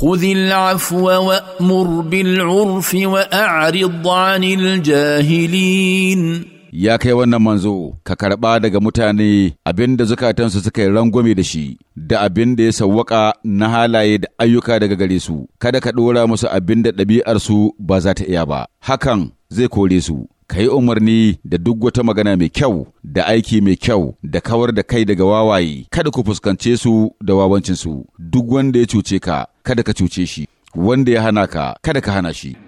خذ العفو وامر بالعرف واعرض عن الجاهلين ya kai wannan manzo ka karɓa daga mutane abin da zukatansu suka yi rangwame da shi da abin da ya sawwaka na halaye da ayyuka daga gare su kada ka ɗora musu abin da ɗabi'arsu ba za ta iya ba hakan zai kore su ka yi umarni da duk wata magana mai kyau da aiki mai kyau da kawar da kai daga wawaye kada ku fuskance su da wawancinsu duk wanda ya cuce ka kada ka cuce shi wanda ya hana ka kada ka hana shi